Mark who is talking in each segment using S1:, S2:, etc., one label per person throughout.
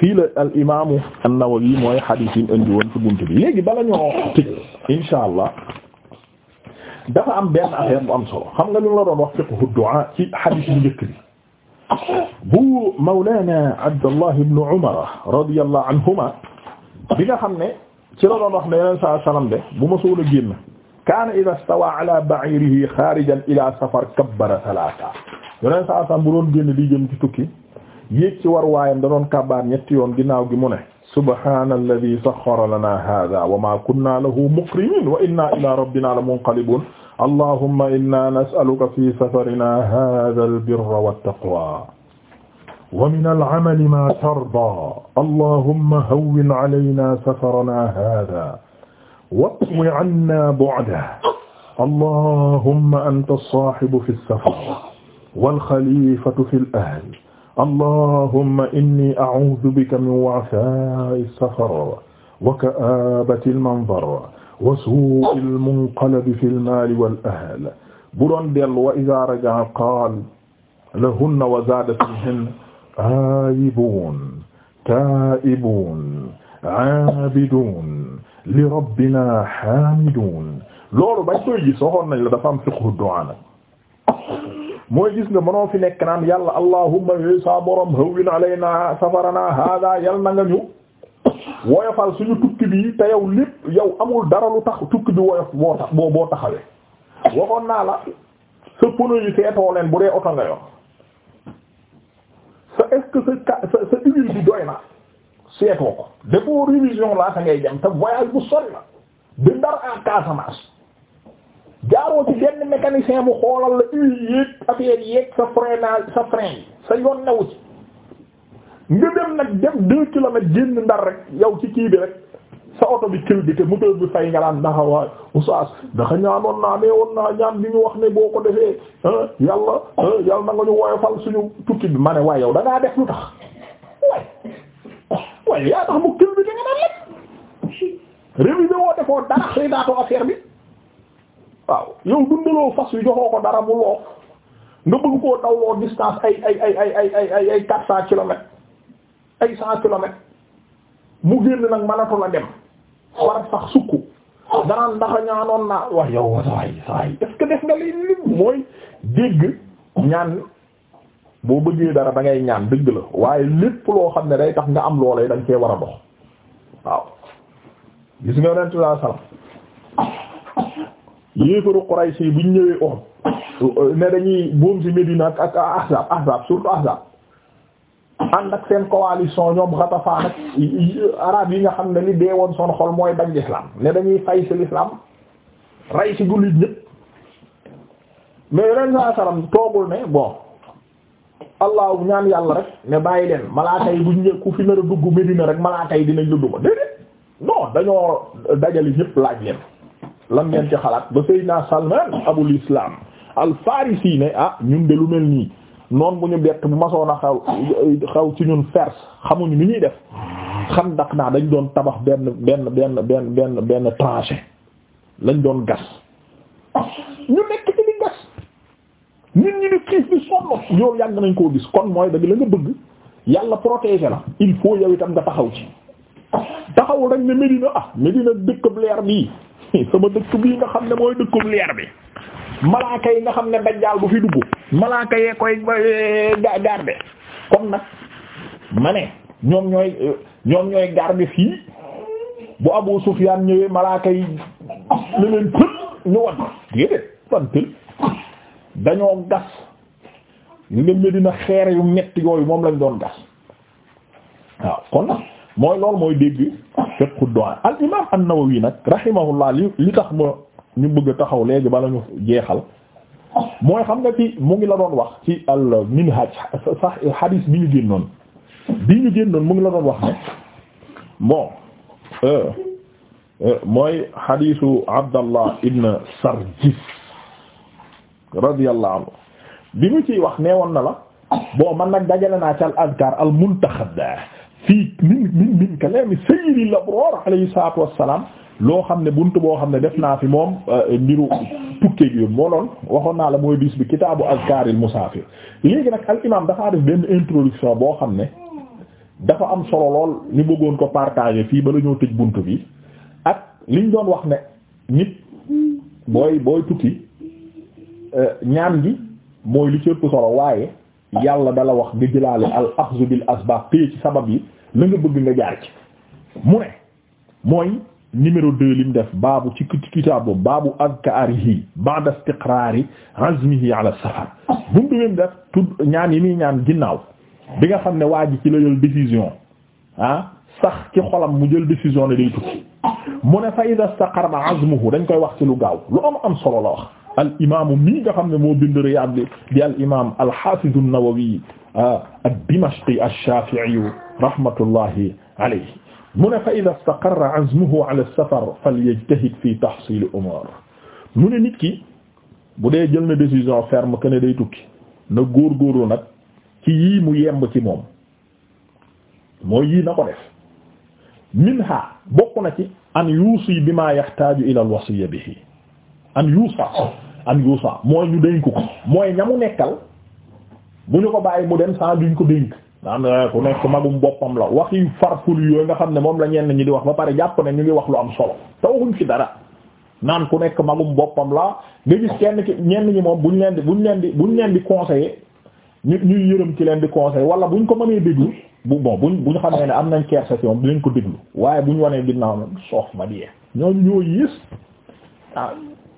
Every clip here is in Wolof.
S1: fii la al imaamu an-Nawawi mooy xadiis yi indi woon ci buntu bi léegi bala ñoo tëj insha allah dafa am benn affaire bu am solo xam nga lu la doon wax fiqhu du'a ci xadiis bu njëkk bi bu Mawlana Abdallah ibn Umar radiyallahu anhuma bi nga xam ne ci la doon wax ne yeneen saa salaam de bu ma soog a génn kaana idaa stawaa ala ba'irihi xaarijan ila safar kabbara salaasa yeneen saa salaam bu doon génn di jëm ci tukki. yéeg ci war waayam da doon kabaar ñetti yoon ginnaaw gi mu ne subhaana alladi saxxara lana haaza wa maa kunna lahu muqrinin wa inna ilaa rabbina la munqalibun allahumma inna nas'aluka fi safarina haaza albirra wattaqwa wa min al'amali maa tardaa allahumma hawwin alaynaa safarana haaza watwi annaa bu'dahu allahumma anta as-saahibu fi as-safar wal khaliifatu fil ahl allahumma inni a'uudu bika min wa'saa'i safar wa ka'aabati al-manzar wa suu'i al-munqalabi fi al-maali wal-ahli bu doon dellu wa idhaa raja'a qaala lahunna wa zaada fiihinna aa'ibuun taa'ibuun 'aabiduun lirabbinaa haamiduun loolu bañ koy gis waxoon nañ la dafa am fiqhu du'aa mooy gis nga mënoo fi nekk naan yàlla allahumma yooyu saa hawwin alayna safarana hada yal na nga ñu woyofal suñu tukki bi te yow lépp yow amul dara lu tax tukki bi woyof boo tax boo boo taxawee waxoon naa la sa pneu yi seetoo leen bu dee oto nga yor sa est-ce que sa sa bi doy na seetoo ko defoo révision laa sa ngay jam te voyage bu sori la di ndar en Casamance jaaroo ci benn mécanicien bu xoolal la huile yéeg affaire yéeg sa freinage sa frein sa yoon newu ci nga dem nag dem deux kilomètres génn ndar rek yow ci kii bi rek sa oto bi kël bi te moteur bi fay nga naan ndaxa waay oustaz daxa ñaanoon naa ne woon naa ñaan bi ñu wax ne boo ko defee yàlla yàlla na nga ñu woyofal suñu tukki bi ma ne waaye yow da ngaa def lu tax waay waaye yaa tax mu kël bi te nga naan lépp woo defoo dara xëy naatoo affaire bi waaw yow dundaloo fas yu joxoo ko dara mu loof nga bëgg koo dawloo distance ay ay ay ay ay ay ay ay quatre cent kilomètres ay cent kilomètres mu génn nag mënatu la dem war sax sukk danaan ndax ñaanoon naa wax yow sawaay sawaay que def nga li lim mooy dégg ñaan boo bëggee dara da ngay ñaan dëgg la waaye lépp loo xam ne day tax nga am loolee da nga cee war a dox waaw gis nga yonent bi sallallahu yéefaru Quraysh yi buñ ñëwee Uhud ne dañuy boom ci Médina ak ak Ahzab Ahzab surtout Ahzab ànd ak seen coalition ñoom Ghatafaan ak yi nga xam ne li dee woon son xol mooy bañ l'islam ne dañuy fay ci l'islam rey ci jullit ñëpp mais ren saa salam toogul ne bon allah ñaan yàlla rek ne bàyyi leen malaaka yi buñ ñëw ku fi nar a dugg Médina rek malaaka yi dinañ lu duma déedéet dañoo dajali ñëpp laaj leen lan ngeen ci xalaat ba Seydina Salman abul islam al farisi ne ah ñun de lu mel nii noon bu ñu bett bu masoon a xaw xaw ci ñun fers xamuñu ni ñuy def xam ndax naa dañ doon tabax benn benn benn benn benn benn tranchée lañ doon gas ñu nekk ci di gas nit ñi di xiif bi sonn yow yàgg nañ koo gis kon mooy dëgg la nga bëgg yàlla protéger la il faut yow itam nga taxaw ci taxawul rek ne Médina ah Médina dëkk bleer bii sama dëkk bii nga xam ne mooy dëkkum leer bi malaaka yi nga xam ne dajjaal bu fi dugg malaaka yee koy eh, garde kon nag ma ne ñoom ñooy eh, ñoom ñooy garde fii bu Abu Sufyaan ñëwee malaaka yi ne leen pël ñu wan déedéet wan dañoo gas yu nga Medina xeer yu metti yooyu moom lañ doon gas waaw kon nag mooy loolu mooy dégg fiqhu du'a al imam an-Nawawi nag rahimahullah li li tax ma ñu bëgg a taxaw léegi bala ñu jeexal mooy xam nga fi mu ngi la doon wax ci al minhaj sax hadith bi ñu génnoon bi ñu génnoon mu ngi la doon wax ne bon euh, euh, mooy hadithu Abdallah ibn Sarjis radiyallahu anhu bi mu ciy wax nee woon na la boo man nag dajale naa ci al azkar al muntaxab fii min min min kalaami sayyidil abraar alayhi salaatu wassalaam loo xam ne bunt boo xam ne def naa fi moom euh, mbiru tukkee gi moo waxoon naa la mooy bis bi kitaabu azkaaril musaafir léegi nag al imaam dafaa def benn introduction boo xam ne dafa am solo lool ñu bëggoon ko partager fii ba la ñoo tëj bunt bi ak liñ doon wax ne nit booy booy tukki euh, ñaan gi mooy li ci ëpp solo waaye yàlla dala wax nga jëlaale al axzu asbaab téye ci sabab yi na nga bëgg nga jaar ci mu ne mooy numéro deux lim def baabu ci kitaab boobu baabu azkaarihi ba'da istiqraari azmihi ala safar buntu lim def tudd ñaan yi muy ñaan ginnaaw bi nga xam ne waa ji ci la jël décision ah sax ci xolam mu jël décision ne day tukki mu ne fa iza istaqarra azmuhu dañ koy wax ci lu gaaw lu am am solo la wax al imaamu mii nga xam ne moo bind Riyaad bi di al imaam al haafiz an-Nawawi ah, ad-Dimashqi ash-Shaafi'i rahmatullahi alayhi mu ne fa idaa istaqarra azmuhu ala as-safar falyajtahid fi tahsiil umuur mu ne nit ki bu dee jël na décision ferme que ne day tukki na góorgóorlu nag ci yii mu yemb ci moom mooy yii na ko def minha bokk na ci an yuusi bimaa yahtaaju ila al-wasiyya bihi an yuusa an yuusa mooy ñu dénk ko mooy ñamu nekkal bu ñu ko bàyyi mu dem sans duñ ko dénk am na eh, ku nekk magum boppam la waxi farful yooyu nga xam ne moom la ñenn ñi di wax ba pare jàpp ne ñu ngi wax lu am solo te waxuñ ci dara naan ku nekk magum boppam la nga gis kenn ki ñenn ñi moom buñ leen di buñ leen di buñ leen di conseiller ñu ñuy yërëm ci leen di conseiller wala buñ ko mënee déglu bu bon buñ buñ xamee ne am nañ kersa ci moom dinañ ko déglu waaye buñ wanee ginnaaw nag soof ma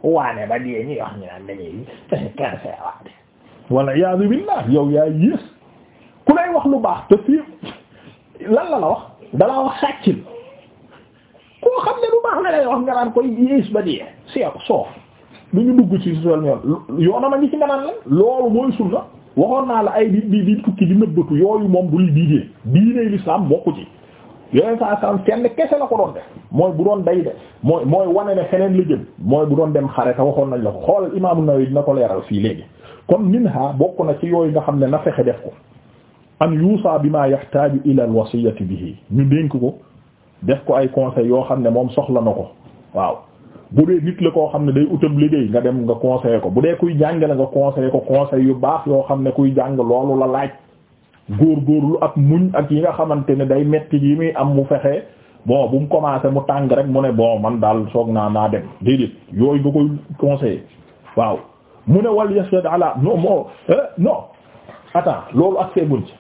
S1: waane ba dee ñuy wax ñu naan dañuy cancer waane walla iyaazu billaah yow yaa yées ku lay wax lu baax te fii lan la la wax dalaa wax sàccil koo xam ne lu baax la lay wax nga naan koy yées ba dee seew soof lu ñu dugg ci sol yoon yoonam a ngi ci nga la loolu mooy sunna waxoon naa la ay di di di tukki di nëbbatu yooyu moom bul diinee diinee lislaam bokku ci yooyu saa saam kenn kese la ko doon def mooy bu doon day de mooy mooy wane ne feneen la mooy bu doon dem xare te waxoon nañ la ko xoolal imaamu Nawawi dina ko leeral fii léegi kon minha bokk na ci yooyu nga xam ne na fexe def ko an yuusa bi ma yaxtaaju ila al wasiyati bihi ñu dénk ko def ko ay conseil yoo xam ne moom soxla na ko waaw bu dee nit la koo xam ne day utam liggéey nga dem nga conseiller ko bu dee kuy jàngale nga conseiller ko conseil yu yoo xam ne kuy jàng la laaj góorgóorlu ak muñ ak yi nga xamante ne day metti yi muy am mu fexe bon bu mu commencé mu tàng rek mu ne bon man daal soog naa naa dem déedéet yooyu nga koy conseillé waaw mu ne wal yashad ala non mo eh, non attends loolu ak seeguñ ci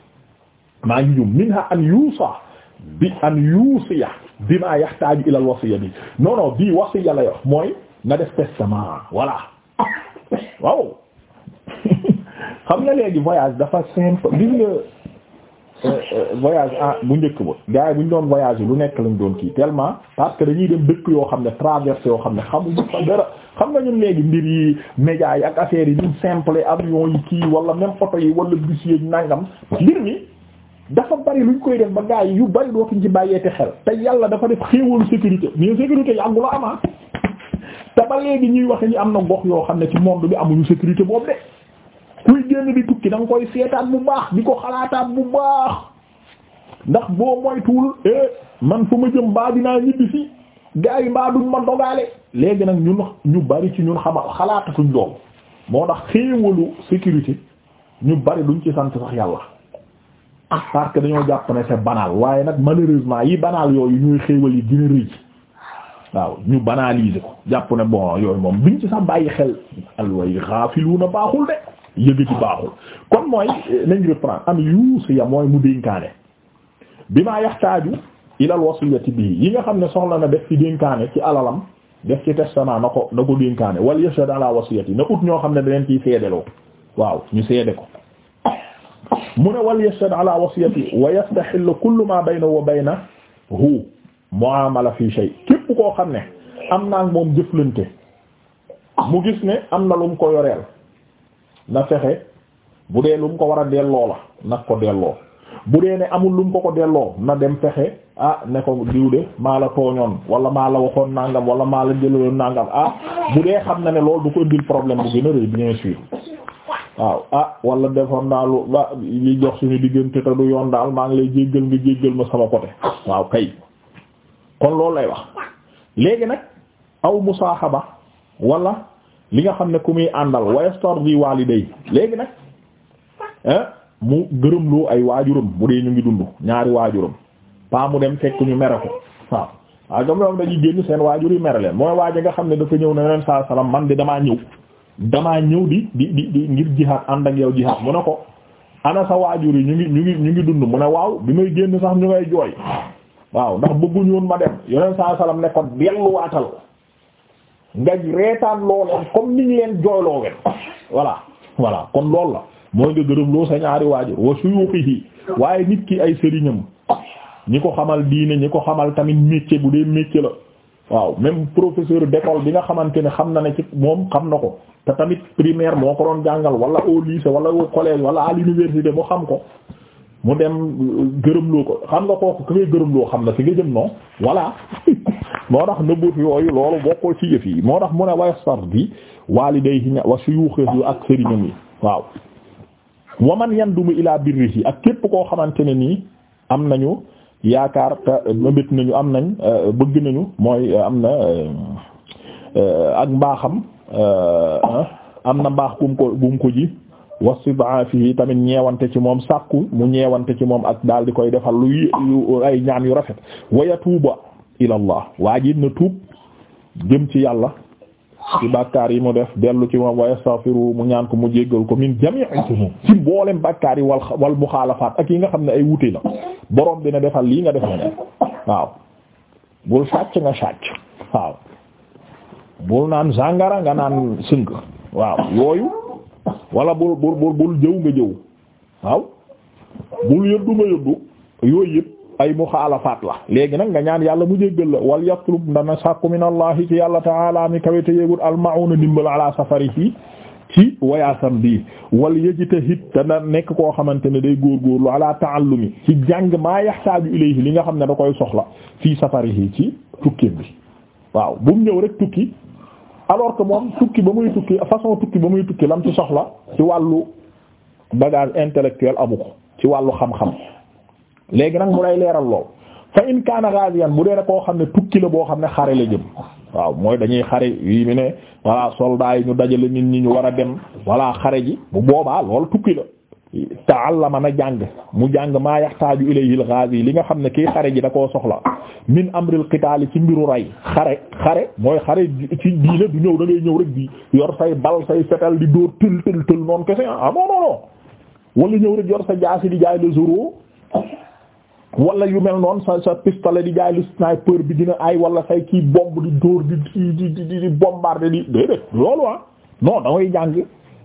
S1: maa ngi jum minha bi an mooy nga def testament voilà waaw xam nga Euh, euh, voyage ah bu njëkk ba gars yi bu ñu doon voyage lu nekk lañ doon kii tellement parce que dañuy dem dëkk yoo xam ne traversé yoo xam ne xamuñu fa dara xam nga ñun léegi mbir yi médias yi ak affaires yi ñun simple avion yi kii wala même oto yi wala bus yi nangam mbir mi dafa bari luñ koy def ba gars yi yu bari dootuñ ci bàyyee bàyyeete xel te yàlla dafa def xéewalu sécurité mais sécurité yi àggula ama ah. te ba léegi ñuy wax ñu am na gox yoo xam ne ci monde bi amuñu sécurité boobu kuy génn di tukki da koy seetaan bu baax di ko xalaataan bu baax ndax boo moytuwul eh, man fu ma jëm baa dinaa ñibbi si gars yi mbaa duñ ma dogaale léegi nag ñun ñu bari ci ñun xama xalaatatuñ doom moo tax xéewalu sécurité ñu bari duñ ci sant sax yàlla ah, parce que dañoo jàpp ne c'est banal waaye nag malheureusement yi banal yooyu ñuy xéewal yi dina rëy waaw ñu banaliser ko jàpp na bon yooyu moom biñ ci sax bàyyi xel alway xaafiluuna baaxul de yëgati baaxul kon mooy nañ reprendre am yuusiya mooy mu dénkaane bi maa yaxtaaju ilal wasiyati bii yi nga xam ne soxla na def ci dénkaane ci alalam def ci testament na ko na ko dénkaane wal yashhad ala wasiyati na ut ñoo xam ne daneen ciy seedeloo waaw ñu seede ko mu ne wal yashhad ala wasiyati wa yastaxillu kullu ma baynahu wa baynahu muamala fi shay képp koo xam ne am naa moom jëflante mu gis ne am na lu mu ko yoreel na fexe bu dee lu mu ko war a delloo la nag ko delloo bu dee ne amul lu mu ko ko delloo na dem fexe a ah ne ko diw de maa la tooñoon wala maa la waxoon nàngam wala maa la jëloon nangam a ah bu dee xam na ne lool du ko indil problème bu gën a rëy bien waaw ah wala defoon naa lu ba li jox suñu diggante te du yoon daal maa ngi lay jéggal nga jéggal ma sama côté waaw kay kon loolu lay wax léegi nag aw musaaxaba wala li nga xam ne ku muy àndal wayestor bi waliday léegi nag ah, mu gërëm gërëmloo ay waajuram bu dee ñu ngi dund ñaari waajuram paa mu dem fekk ñu mere ko waaw waaw ah, gam doom dañuy génn seen waajur yi mere leen mooy waaja nga xam ne dafa ñëw ne yoneen saa salaam man di damaa ñëw damaa ñëw di di di ngir jihaad ànd ak yow jihaad mu ne ko ana sa waajur yi ñu ngi ñu ngi ñu ngi dund mu ne waaw bi may génn sax ñu ngay jooy waaw ndax bëgguñu woon ma dem yoneen saa salaam ne ko nga reetaan looleen comme ni ñu leen jooyloo wen voilà voilà kon loolu la mooy nga gërëm loo sa ñaari waajur wa suyuuxihi waaye nit ki ay sëriñam ñi ko xamal diine ñi ko xamal tamit métier bu dee métier la waaw même professeur d'école bi nga xamante ne xam na ne ci moom xam na ko te tamit primaire moo ko doon jàngal wala au lycée wala au collège wala à l'université mu xam ko mu dem gërëm gërëmloo ko xam nga kooku ki ngay gërëmloo xam na fi nga jëm non voilà moo tax nëbbut yooyu loolu bokkoo ci yëf yi moo tax mu ne wastar bi walidayhi wa shuyukhihi ak sëriñam yi waaw yan yandumu ilaa birrihi ak képp koo xamante ne nii am nañu yaakaar te mëbët nañu am nañ euh, bëgg nañu mooy euh, am na euh, ak mbaaxam am na mbaax gum ko gum ko ji si wasibaa yi tamit ñeewante ci moom sàkku mu ñeewante ci moom ak daal di koy defal lu ay ñaan yu rafet wa yatuuba ilallah waajib na tuub jëm ci yàlla ci bàkkaar yi mu def dellu ci moom wa yastaghfiru mu ñaan ko mu jéggal ko min jami'i sunu ci mboolem bàkkaar yi wal wal ak yi nga xam ne ay wuute la borom dina defal lii nga def ne waaw bul sàcc nga sàcc waaw bul naan sàngara nga naan sënk waaw yooyu wala bul bul bul jëw nga jëw waaw bul yëddu nga yëddu yooyu yëpp ay muxaalafaat la léegi nag nga ñaan yàlla mu jéggal la wal yatlub ndana sàkku minallahi ci yàlla ta'ala mi kawete yéegul almauna dimbal ala safari fii ci wayaasam bii wal yajtahid dana nekk koo xamante ne day góorgóorlu ala ta'allumi ci jàng maa yaxtaaju ilayhi li nga xam ne da koy soxla fii safarihi ci tukki bi waaw bu ñëw rek tukki alors que moom tukki ba muy tukki façon tukki ba muy tukki lam ci soxla ci wàllu bagage intellectuel amu ko ci wàllu xam-xam léegi nag mu lay leeral lool fa in kaana ghaziyan bu dee koo xam ne tukki la boo xam ne xare la jëm waaw mooy dañuy xare yi mu ne voilà soldats yi ñu dajale nit ñi ñu war a dem voilà xare ji bu boobaa loolu tukki la ta'allama na jàng mu jàng maa yaxtaaju ilayhi al-ghazi li nga xam ne kii xare ji da koo soxla min amril qitaal ci mbiru rey xare xare mooy xare ci diine du ñëw da ngay ñëw rek di yor say bal say fetal di dóor tël tël tël noonu kese ah non non non wala ñëw rek yor sa jaasi di jaay le zéro wala yu mel noonu sa sa pistolet di jaay le sniper bi dina ay wala say kii bomb di dóor di di di di bombarder di loolu ah non da jàng.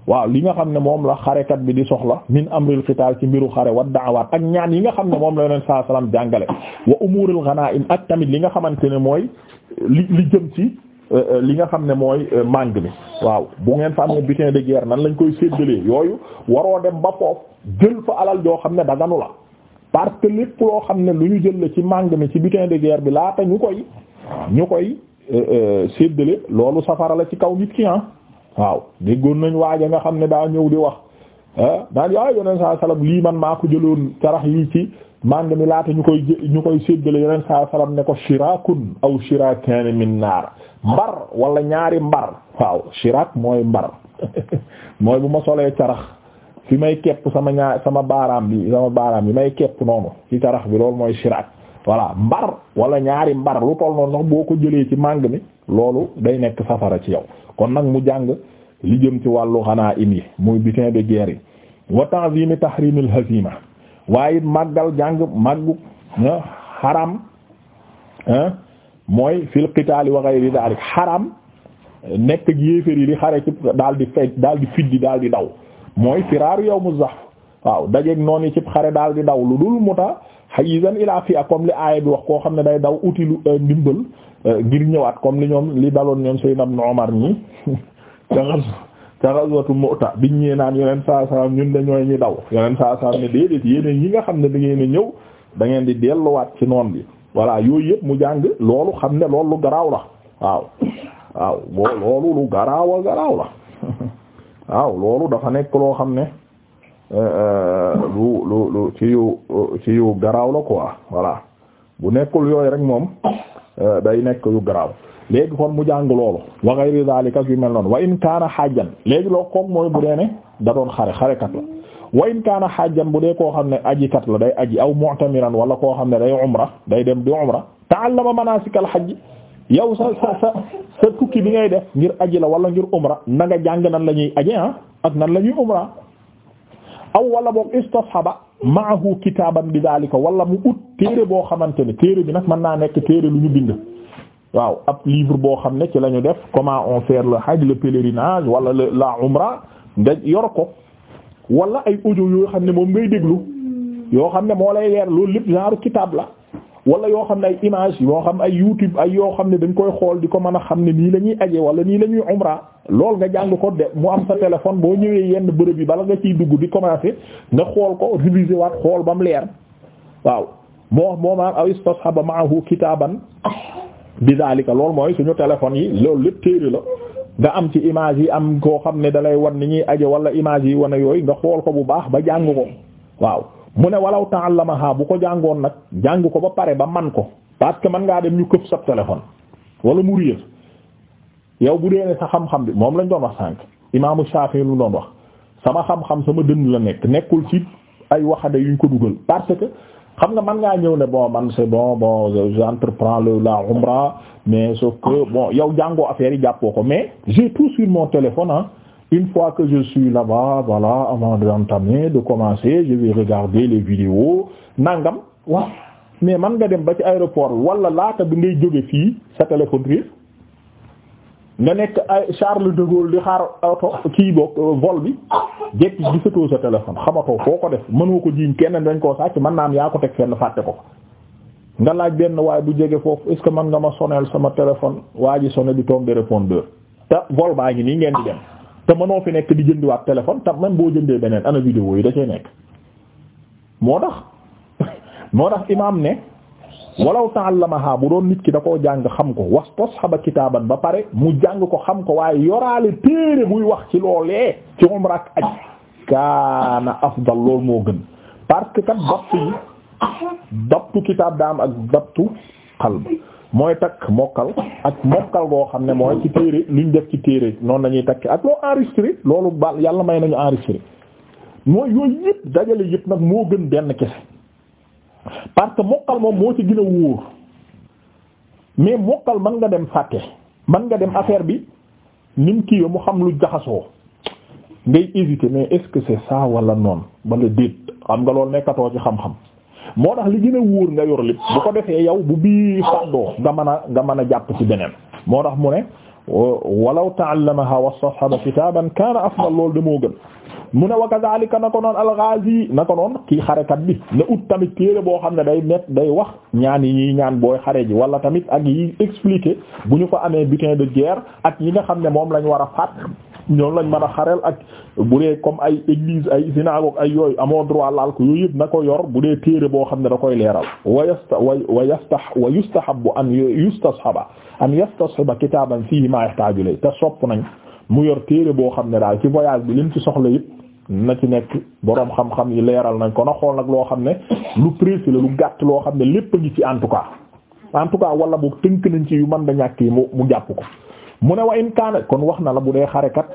S1: waaw li nga xam ne moom la xarekat bi di soxla min amril qital ci mbiru xare wa da'awaat ak ñaan yi nga xam ne moom la yoneen saa salaam jàngale wa umuril ghanaim ak tamit li nga xamante ne mooy li li jëm ci euh, euh, li nga xam ne mooy euh, màng mi waaw bu ngeen fa amee butin de guerre nan lañ koy séddalee yooyu waroo dem ba foofu jël fa alal joo xam ne daganu la parce que lépp loo xam ne lu ñu jël la ci màng mi ci butin de guerre bi laata ñu koy ñu koy séddale loolu safara la ci kaw nit ah. waaw déggoon nañ waaja nga xam ne daa ñëw di wax ah daan yaa yoneen saa salam lii man maa ko jëloon carax yi ci màng mi laata ñu koy ñu koy séddale yoneen saa salam ne ko shirakun aw shirakaani min naar mbar wala ñaari mbar waaw shirak mooy mbar mooy bu ma solee carax fi may kepp sama ñaar sama baaraam bi sama baaraam bi may kepp noonu ci carax bi loolu mooy shirak voilà mbar wala ñaari mbar lu toll noonu sax boo ko jëlee ci màng mi loolu day nekk safara ci yow kon nag mu jàng li jëm ci wàllu xanaa im yi muy butin de guerre yi wa ta'zimi tahrimil hazima waaye it màggal jàng màggu ah, xaram ah, mooy fil qitaali wa ghayri dalik xaram nekk yéeféer yi di xare ci daal di fecc daal di daal di daw mooy firaaru yawmu zahf waaw dajeeg noon yi ci xare daal di daw lu dul muta hayizan ila fi akom li aaya bi wax koo xam ne day daw uti lu eh, ndimbal Euh, ngir ñëwaat comme li ñoom li daloon ñoom Seydina Ibn Omar ñi ca xas ca xaswatu Mu'ta biñ ñëwee naan yeneen saa saa ñun dañooy ñi daw yeneen saa saa ne déedéet yéen nga xam ne da ngeen a ñëw da ngeen di delluwaat ci noon bi voilà yooyu yëpp mu jàng loolu xam ne loolu garaaw la waaw waaw boo loolu lu garaaw garaaw la waaw loolu dafa nekk loo xam ne euh, euh, lu lu lu ci yu ci yu garaaw la quoi voilà. bu nekkul yooyu rek moom euh, day nekk yu garaaw léegi kon mu jàng loolu wa ghayri zalika yu mel noonu wa in kaana xaajan léegi loo koog mooy bu dee ne da doon xare xarekat la wa in kaana xaajan bu dee koo xam ne ajikat la day aji aw mu'tamiran wala koo xam ne day umra day dem di umra ta'allama manasikal hajj yow sa sa sa sa tukki bi ngay def ngir aji la wala ngir umra na jàng nan la ñuy aji ah, ak nan la ñuy umra aw wala boog istashaba maahu kitaaban bi daalika wala mu ut téere boo xamante ne téere bi nag mën naa nekk téere lu ñu bind waaw ab livre boo xam ne ci la def comment on fait la xaj le pèlerinage wala le la umra nga yor ko wala ay audio yoo xam ne moom ngay déglu yoo xam ne moo lay leer loolu lépp genre kitaab la wala yoo xam ne ay image yoo xam ay YouTube ay yoo xam ne dañ koy xool di ko mën a xam ne nii la ñuy aje wala nii lañuy ñuy umra loolu nga jàng ko de mu am sa téléphone boo ñëwee yenn bërëb yi bala nga ciy dugg di commencer nga xool ko réviser waat xool ba mu leer waaw moo moo maam aw istashaba ma'ahu kitaaban bi daalika loolu mooy suñu téléphone yi loolu lépp téere la nga am ci image yi am koo xam ne dalay wan ni ñuy aje wala image yi wane yooyu nga xool ko bu baax ba jàng ko waaw mu ne walaw ta'allamaha bu ko jàngoon nag jàng ko ba pare ba man ko parce que man ngaa dem ñu këf sa téléphone wala mu réer yow bu dee ne sa xam-xam bi moom lañ doon wax sànq imaamu Shafi lu doon sama xam-xam sama dënn la nekk nekkul ci ay waxande yuñ ko dugal parce que xam nga man ngaa ñëw ne bon man c'est bon bon j'entreprends le la umra mais sauf que bon yow jàngoo affaire yi jàppoo ko mais j'ai tout sur mon téléphone ah une fois que je suis là-bas voilà avant d'entamer de commencer je vais regarder les vidéos nangam waaw mais man nga dem ba ci aéroport wala laata bi ngay jóge fii sa téléphone réer nga nekk ay Charles de Gaulle di xaar ato kii boog euh, vol bi jekki gisatoo sa téléphone xamatoo foo ko def mënoo ko jiiñ kenn dañ koo sàcc man naa am yaa ko teg fenn fàtte ko nga laaj benn waaye bu jege foofu est-ce que man nga ma soneel sama téléphone waa ji sonné di tombé répondeur te vol baa ngi nii ngeen di dem te mënoo fi nekk di jëndiwaat téléphone te même boo jëndee beneen ana vidéo yi da cee nekk moo tax moo tax imaam ne. walaw ta'allamaha bu doon nit ki da koo jàng xam ko wastashaba kitaaban ba pare mu jàng ko xam ko waaye yoraale téere buy wax ci loolee ci umra ak aj kaana afdal loolu moo gën parce que kat dabtu yi dabtu kitaab daa am ak dabtu qalb mooy takk mokkal ak mokkal goo xam ne mooy ci téere luñ def ci téere noonu lañuy takk ak loo enregistré loolu bal yàlla may nañu enregistré mooy yooyu yëpp dajale yëpp nag moo gën denn kese parce que mokkal moom moo ci gën a wóor mais mokkal man nga dem fàtte man nga dem affaire bi nim kii mu xam lu jaxasoo ngay hésiter mais est-ce que c'est ça wala noonu bala déet xam nga loolu nekkatoo ci xam-xam moo tax li gën a wóor nga yor lépp bu ko defee yow bu bii fàddoo nga mën a nga mën a jàpp ci beneen moo tax mu ne walaw ta'allamaha wa a kitaban kana afdal loolu damoo gën mu ne wa kadhalika na ko noon al-ghazi na ko noon kii xarekat bi na ut tamit téere boo xam ne day net day wax ñaan yi ñaan booy xare ji wala tamit ak yi expliquer bu ñu ko amee butin de guerre ak yi nga xam ne moom lañ war a faat ñoom lañ mën a xareel ak bu dee comme ay église ay synagogue ay yooyu amoo droit laal ko yooyu yëpp na ko yor bu dee téere boo xam ne da koy leeral wa yasta wa yasta wa yustahabbu an yustashaba an yastashiba kitaaban fiihi ma yahtaaju ilayhi te sopp nañ mu yor téere boo xam ne daal ci voyage bi lim ci soxla yëpp na ci nekk boroom xam-xam yi leeral nañ ko na xool nag loo xam ne lu précis la lu gàtt loo xam ne lépp a ngi ci en tout cas en tout cas wala boog tënk nañ ci yu mën da ñàkk yi mu mu jàpp ko mu ne wa in kaana kon wax na la bu dee xarekat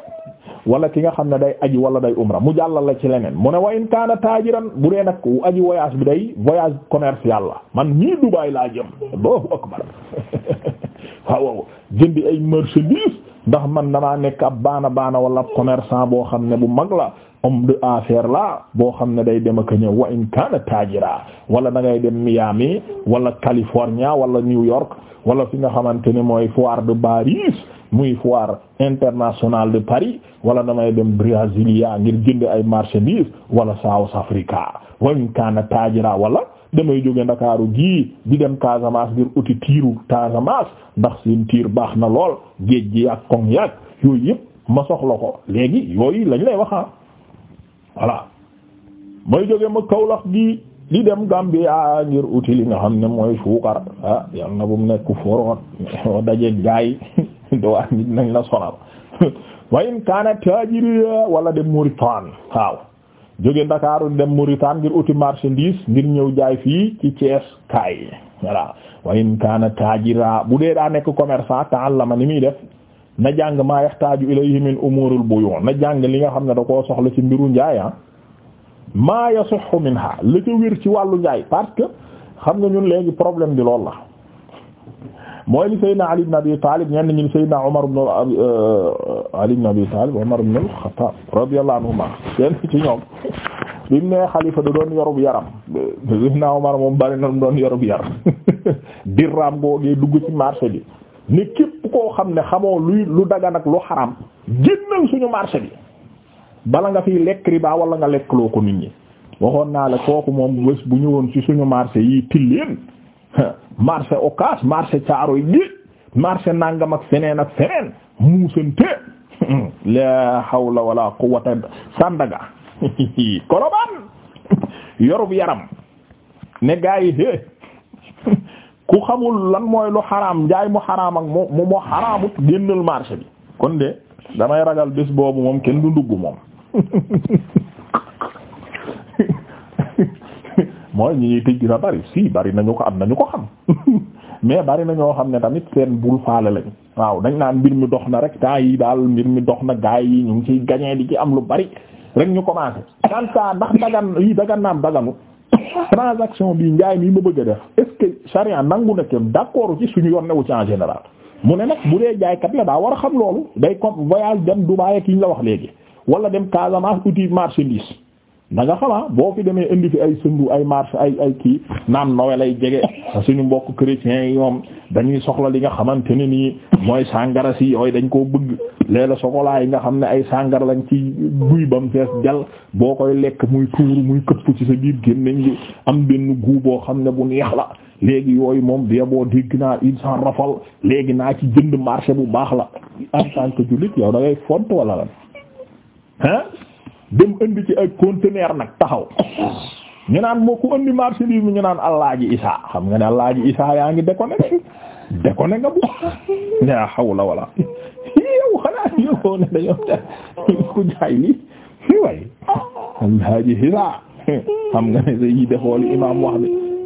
S1: wala ki nga xam ne day aji wala day umra mu jàllal la ci leneen mu ne wa in kaana taajiran bu dee nag aji voyage bi day voyage commercial yàlla man ñii Dubaay laa jëm Allahu akbar waaw jëndi ay marchandise ndax man damaa nekk ab baana baana wala commerçant boo xam ne bu mag la homme de affaire la boo xam ne day dem ak ñëw wa in kaana taajira wala da ngay dem Miami wala California wala New York wala fi nga xamante ne mooy foire de Paris muy foire internationale de Paris wala damay dem Brasilia ngir jënd ay marchandises wala South Africa wa in kaana taajira wala damay jóge ndakaaru gii di dem Casamance ngir uti tiiru Casamance ndax seen tiir baax na lool géej gi ak koŋ yaag yooyu yëpp ma soxla ko léegi yooyu lañ lay waxa ah. voilà mooy jóge ma Kaolack gi di dem Gambia ngir uti li nga xam ne mooy suukar ah yal na bu mu nekk foroon o dajeeg gaay dowa nit nañ la sonal wa in kaana taajiriya wala dem Mauritanie waaw jóge Ndakaaru dem Mauritanie ngir uti marchandise ngir ñëw jaay fii ci Thiès kaay voilà wa in kaana taajira bu dee daa nekk commerçant ta'allama ni muy def na jàng maa yaxtaaju ilayhi min umuuril buyu' na jàng li nga xam ne da koo soxla ci mbiru njaay ma ah. maa yasihhu minha la ca wér ci wàllu njaay parce que xam nga ñun léegi problème bi lool la mooy li Seydina Ali ibn Abi Talib ñenn ñi Seydina Omar ibn euh, Ali ibn Abi Talib Omar ibn al-Khattab radiyallahu anhuma kenn ci ñoom bi mu nee xalifa da doon yorub yaram Seydina Omar moom bari na dugg ci marché bi ne képp koo xam ne xamoo luy lu dagan ak lu xaram génnal suñu marché bi bala nga fi lekk riba wala nga lekkloo ko nit ñi waxoon naa la kooku moom bés bu ñëwoon ci suñu marché yi tilleen marché Ocass marché Thiaroye gi marché nangam ak feneen ak feneen muusante la hawla wala quwwata Sandaga Colobane yorub yaram ne gaa yi ku xamul lan mooy lu xaraam njaay mu xaraam ak mu mu xaraamut génnal marché bi kon de damay ragal bés boobu moom kenn du dugg moom mooy ñi ñuy tëj dina bari si bari nañu ko am nañu ko xam mais bari na ñoo xam ne tamit seen bul faale lañ waaw dañ naan mbir mi dox na rek temps yi daal mbir mi dox na gaay yi ñu ngi ciy gañee di ci am lu bari rek ñu commencé. tant ndax dagan yi dagan naam daganu. transaction bi njaay mi ma bëgg a def est-ce nangu na kenn d'accord ci suñu yoon newu ci en général mu ne nag bu dee jaaykat la daa war a xam loolu day comme voyage dem du ak yi ñu la wax léegi wala dem Casamance marché marchandise da nga xama ah, boo fi demee indi fi ay sëndu ay marche ay ay kii naan Noël lay jege suñu mbokk chrétiens yi ñoom dañuy soxla li nga xamante ne nii mooy sàngara si yooyu dañ koo bëgg léeg-la chocolat yi nga xam ne ay sàngara lañ ci buy bam fees jal boo koy lekk muy tuuru muy këpp ci sa biir génn gi am benn guu boo xam ne bu neex la léegi yooyu moom bie boo dégg naa il s'en léegi naa ci jënd marché bu baax la en tant que jullit yow da ngay font wala la ah dem indi ci ay conteneur nag taxaw ñu naan moo ku indi marchandise mi ñu naan Alaaji Isaa xam nga ne Alaaji Isaa yaa ngi déconné déconné nga bu yaa hawla wala yow xanaa yow ne dañoo ku jaay lii i way Alaaji Isaa xam nga ne sa imaam wax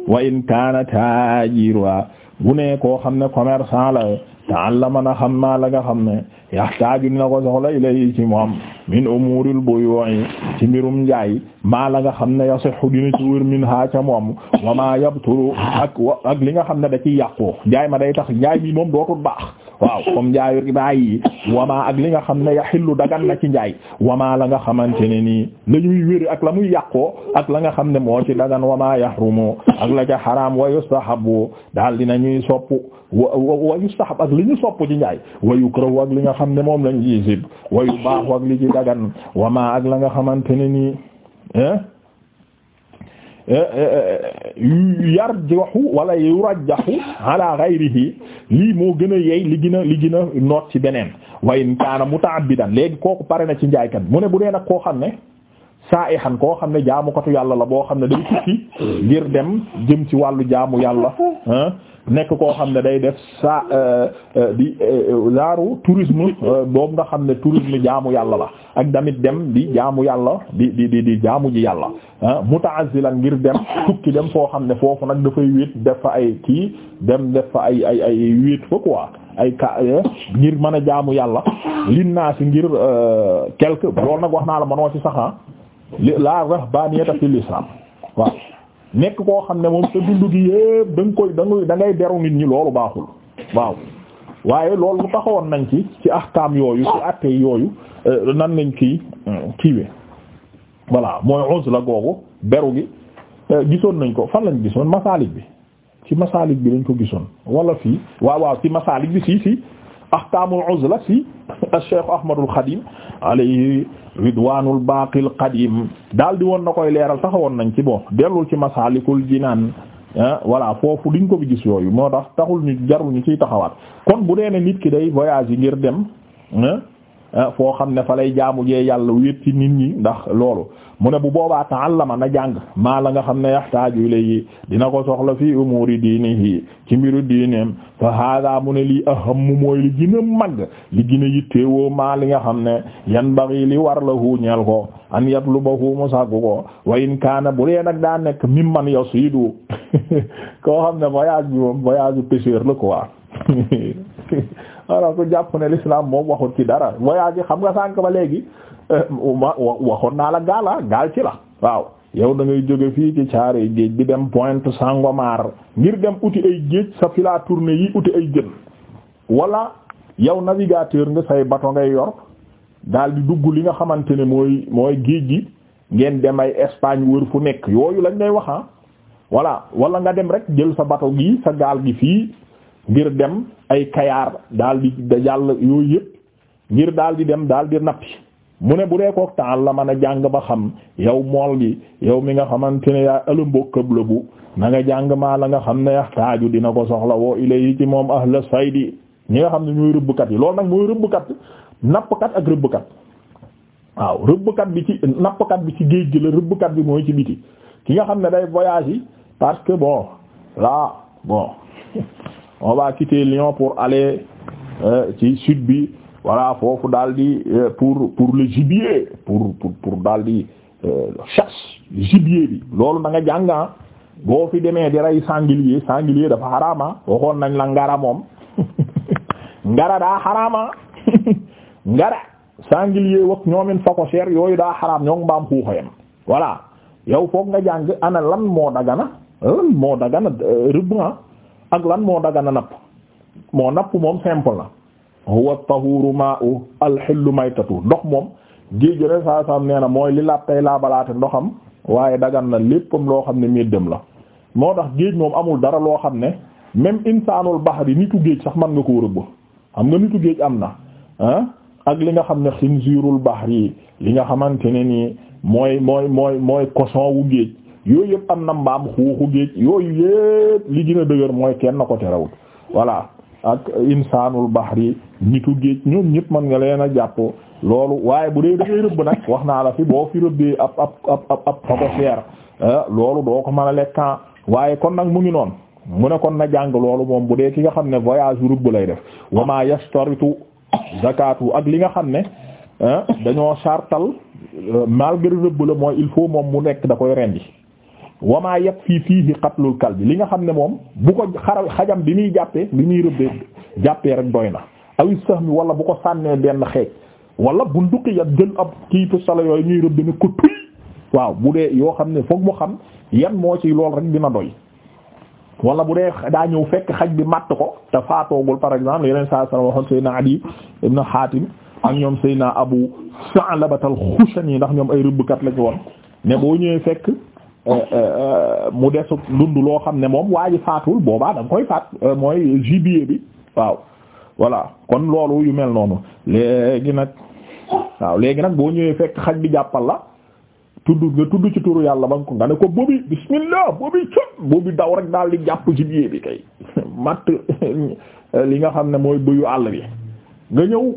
S1: wa in kaan taajira bu ne koo xam ne commerçant la ta'allamana xam naa la nga xam ne yaxtaaju na ko soxla ilay ci moom min umuril buyu'i ci mbirum njaay maa la nga xam ne yasihu dina ci wër min ha ca moom wa ma yabturu ak ak li nga xam ne da ciy yàqu njaay ma day tax njaay mi moom dootul baax waaw comme njaayu ribaay yi wamaa ak li nga xam ne yaxillu dagan na ci njaay wamaa la nga xamante ne nii la ñuy wéri ak la muy yàqoo ak la nga xam ne moo ci dagan wamaa yaxrumu ak la ca xaraam wa yustahabu daal dina ñuy sopp wa yustahab ak li ñu sopp ci njaay wa yukrahu ak li nga xam ne moom lañ ci sib wa yubaahu ak li ci dagan wamaa ak la nga xamante ne nii Eh, eh, eh, yarjahu wala yurajjahu ala ghayrihi lii moo gën a yey li gën a li gën a noot ci beneen wa in kaana mutaabbidan léegi kooku pare na ci njaaykat mu ne bu dee nag koo xam ne saa saa'ihan koo xam ne jaamukatu yàlla la boo xam ne day tukki ngir dem jëm ci wàllu jaamu yàlla nekk koo xam ne day def sa euh, euh, di euh, zaaru tourisme boobu nga xam ne tourisme jaamu yàlla la ak damit dem di jaamu yàlla di di di di jaamu ji yàlla muta'azzilan ngir dem tukki dem foo xam ne foofu nag dafay wéet def fa ay kii dem def fa ay ay ay wéet fa quoi ay ka ngir mën a jaamu yàlla liin naa si ngir quelque loolu nag wax naa la manoo ci saxan la rahbaniyata fil islam waaw nekk koo xam ne moom sa dund gi yëpp da nga koy da ngay da ngay deru nit ñi loolu baaxul waaw waaye lool lu taxawoon nañ ci ci ahkaam yooyu ci atte yooyu euh, nan lañ kii euh, kiiwee voilà mooy onze la googu beru gi euh, gisoon nañ ko fan lañ gisoon masaalik bi ci masaalik bi dañ ko gisoon wala fii waaw waaw ci masaalik bi sii si axtaamul uzla si Cheikh Ahmadul Xadim alayhi ridwaanul baaqil qadim daal di woon na koy leeral taxawoon nañ ci bon dellul ci Masaalikul Jinaan voilà foofu ñu ko bi gis yooyu moo tax taxul ñu jarul ñu ciy taxawaat kon bu dee nit ki day voyage yi ngir dem. Ah, foo xam ne fa lay jaamu jee yàlla wéet ci nit ñi ndax loolu mu ne bu boobaa ta'allama na jàng maa la nga xam ne yaxtaaju ilayhi dina ko soxla fii umuri diinihi ci mbiru diineem fa hada mu ne lii ahammu mooy li gën a li gën a yitteewoo maa li nga xam ne yan yanbaghi li war lahu ñeel ko an yatlubahu mu sàkku ko wa in kaana bu dee nag daa nekk mimman yasiidu koo xam ne voyage bi moom voyage pêcheur la quoi alors que jàpp ne lislaam moom waxut ci dara voyage xam nga sànk ba léegi euh, waxoon naa la gaal ah gaal ci la waaw yow da ngay jóge fii ci caare géej bi dem Pointe Sangomar ngir dem uti ay géej sa fila tournée yi uti ay jën wala yow navigateur nga say bato ngay yor daal di dugg li nga xamante ne mooy mooy géej gi ngeen dem ay Espagne wër fu nekk yooyu lañ day wax ah voilà wala nga dem rek jël sa bato gi sa gaal gi fii ngir dem ay kayaar daal di da jàll yooyu yëpp ngir daal di dem daal di nappi mu ne bu dee kook taal la man a jàng ba xam yow mool di yow mi nga xamante ne yaa ëlëmbokkab la bu na nga jàng maa la nga xam ne yaxtaaju dina ko soxla woo ilayi ci moom ahla saydi ñi nga xam ne ñooy rëbbkat yi lool nag mooy rëbbkat nappkat ak rëbbkat waaw rëbbkat bi ci nappkat bi ci géej gi la rëbbkat bi mooy ci biti ki nga xam ne day voyage yi parce que bon là bon on va quitter Lyon pour aller euh, ci sud bi voilà foofu daal di euh, pour pour le gibier pour pour pour daal di euh, chasse gibier bi loolu na nga ah. boo fi demee di rey sanglier sanglier dafa xaraama ah. waxoon nañ la ngara moom ngara daa xaraama ah. ngara sanglier wak ñoomin phacochère yooyu daa xaraam ñoo ngi mbaam xuuxayam voilà yow foog nga jàng ana lan moo dagana lan moo dagana rëbban ak lan moo dagana napp moo napp moom simple na huwa tahuru ma'u alxillu maytatu ndox moom géej yoneen saa saam nee na mooy li laab tey laabalaate ndoxam waaye dagan na léppam loo xam ne miir dem la moo tax géej moom amul dara loo xam ne même insaanul yi nitu géej sax man nga koo rëbb xam nga nitu géej am na ah ak li nga xam ne xinziirul yi li nga xamante ne nii mooy mooy mooy mooy cochon wu géej yooyu yëpp am na mbaam xuuxu géej yooyu yëpp li gën a dëgër mooy kenn na ko terewul voilà ak insaanul bahri nitu géej ñoom ñëpp mën nga leen a jàpp loolu waaye bu dee da rëbb nag wax naa la fi boo fi rëbbee ab ab ab ab photochère ah, loolu doo ko mën a lekk ah. waaye kon nag mu ngi noon mu ne kon na jàng loolu moom bu dee ki nga xam ne voyage rëbb lay def wama yastaritu zakatu ak li nga xam ne ah, dañoo sartal euh, malgré rëbb la mooy il faut moom mu nekk da koy rendi wamaa yab fii fiihi qatlul bi li nga xam ne moom bu ko xaral xajam bi muy jàppee bi muy rëbbee jàppee rek doy na awis sax mi wala bu ko sànnee benn xeej wala bu nduqi yat jël ab kii sala yooyu ñuy rëbbe ne ko tuy waaw bu dee yoo xam ne foog mu xam yan moo ci lool rek dina doy wala bu dee daa ñëw fekk xaj bi matt ko te faatoogul par exemple yeneen saa sala naa Seydina Adi ibn Hatim ak ñoom Seydina Abu Sa'labatal Xushani ndax ñoom ay rëbbkat la ci woon ne boo ñëwee Euh, euh, euh, mu desu dund loo xam ne moom waa ji faatul boobaa da nga koy faat mooy gibier bi waaw voilà kon loolu yu mel noonu léegi nag waaw léegi nag boo ñëwee fekk xaj bi jàppal la tudd nga tudd ci turu yàlla ba nga ko nga ne ko bobi bismillah bobi cot bobi daw rek daal di jàpp gibier bi kay matt li nga xam ne mooy bëyu àll bi nga ñëw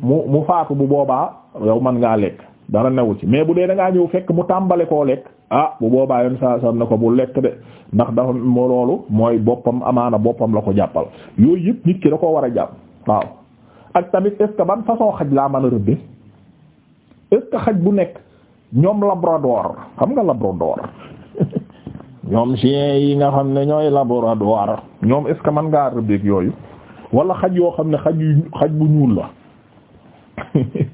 S1: mu mu faatu bu boobaa yow mën ngaa lekk dara newu ci mais bu dee da ngaa ñëw fekk mu tàmbale koo lekk ah bu boobaa yoon na ko bu lekk de ndax dafa moo loolu mooy boppam amaana boppam la ko jàppal yooyu yëpp ki da koo war a jàpp waaw ak tamit est xaj laa mën a rëbbe est xaj bu nekk ñoom labrador xam nga labrador ñoom chien yi nga xam ne ñooy labrador ñoom est ce que mën ngaa rëbbeeg yooyu wala xaj yoo xam ne xaj yu xaj bu ñuul la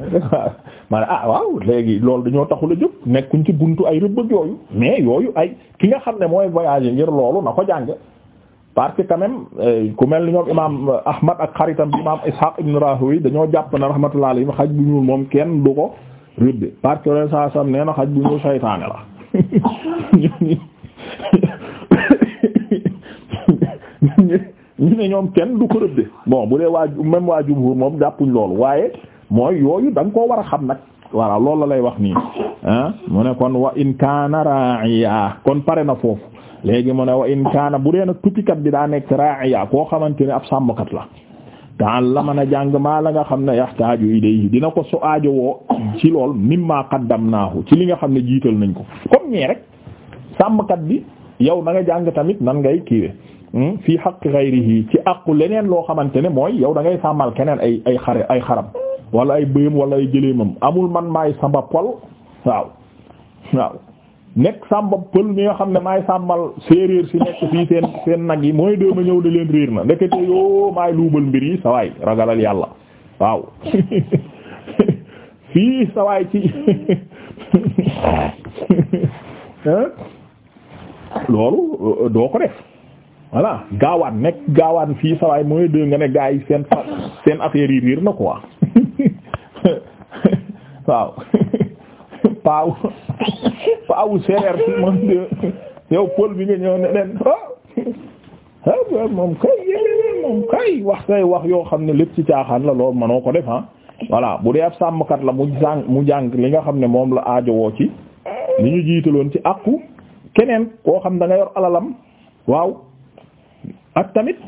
S1: ma ne ah waaw léegi loolu dañoo taxul a jóg nekkuñ ci buntu ay rëbbëg yooyu mais yooyu ay ki nga xam ne mooy voyager ngir loolu na ko jàng parce que quand eh, ku mel ni ñoom imaam Ahmad ak xaritam bi imaam Ishaq ibn Rahowi dañoo jàpp na rahmatullahi alayhi xaj bu ñuul moom kenn du ko rëbbe parce que leen saa sam nee na xaj bu ñuul saytaane la ñu ne ñoom kenn du ko rëbbe bon bu dee waa même waa jumhur moom jàppuñ loolu waaye mooy yooyu da nga koo war a xam nag voilà loolu la lay wax nii ah mu ne kon wa in kaana ra'iya kon pare na foofu léegi mu ne wa in kaana bu dee nag tukkikat bi daa nekk ra'iya koo xamante ne ab sàmmkat la la na jàng maa la nga xam ne yaxtaaju ilayhi dina ko so aajo woo ci lool mimma qaddamnaahu ci li nga xam ne jiital nañ ko comme ñee rek sàmmkat bi yow na nga jàng tamit nan ngay kiiwe hmm? fii haqqi ci aqu leneen loo xamante ne mooy yow da ngay sàmmal keneen ay ay ay xaram wala ay bëyam wala ay gëléemam amul man maay samba pol waaw waaw nekk samba pël mi nga xam ne maay sàmbal séeréer si nekk fii seen seen nag yi mooy déema ñëw da leen riir na ndekete yoo maay luubal mbir yi sawaay ragalal yàlla waaw fii sawaay ci loolu doo ko def voilà gaawaan nekk gaawaan fii sawaay mooy dégg nga ne gaa yi seen seen affaire yi riir na ko waaw paaw paaw seereer si moom bi nga ñëw ne ah ah leen moom kay wax say wax yoo xam ne lépp ci caaxaan la loo manoo ko def ah voilà bu dee ab sàmmkat la mu jàng mu jàng li nga xam ne moom la aajowoo ci li ñu jiitaloon ci àqu keneen koo xam da nga yor alalam waaw ak tamit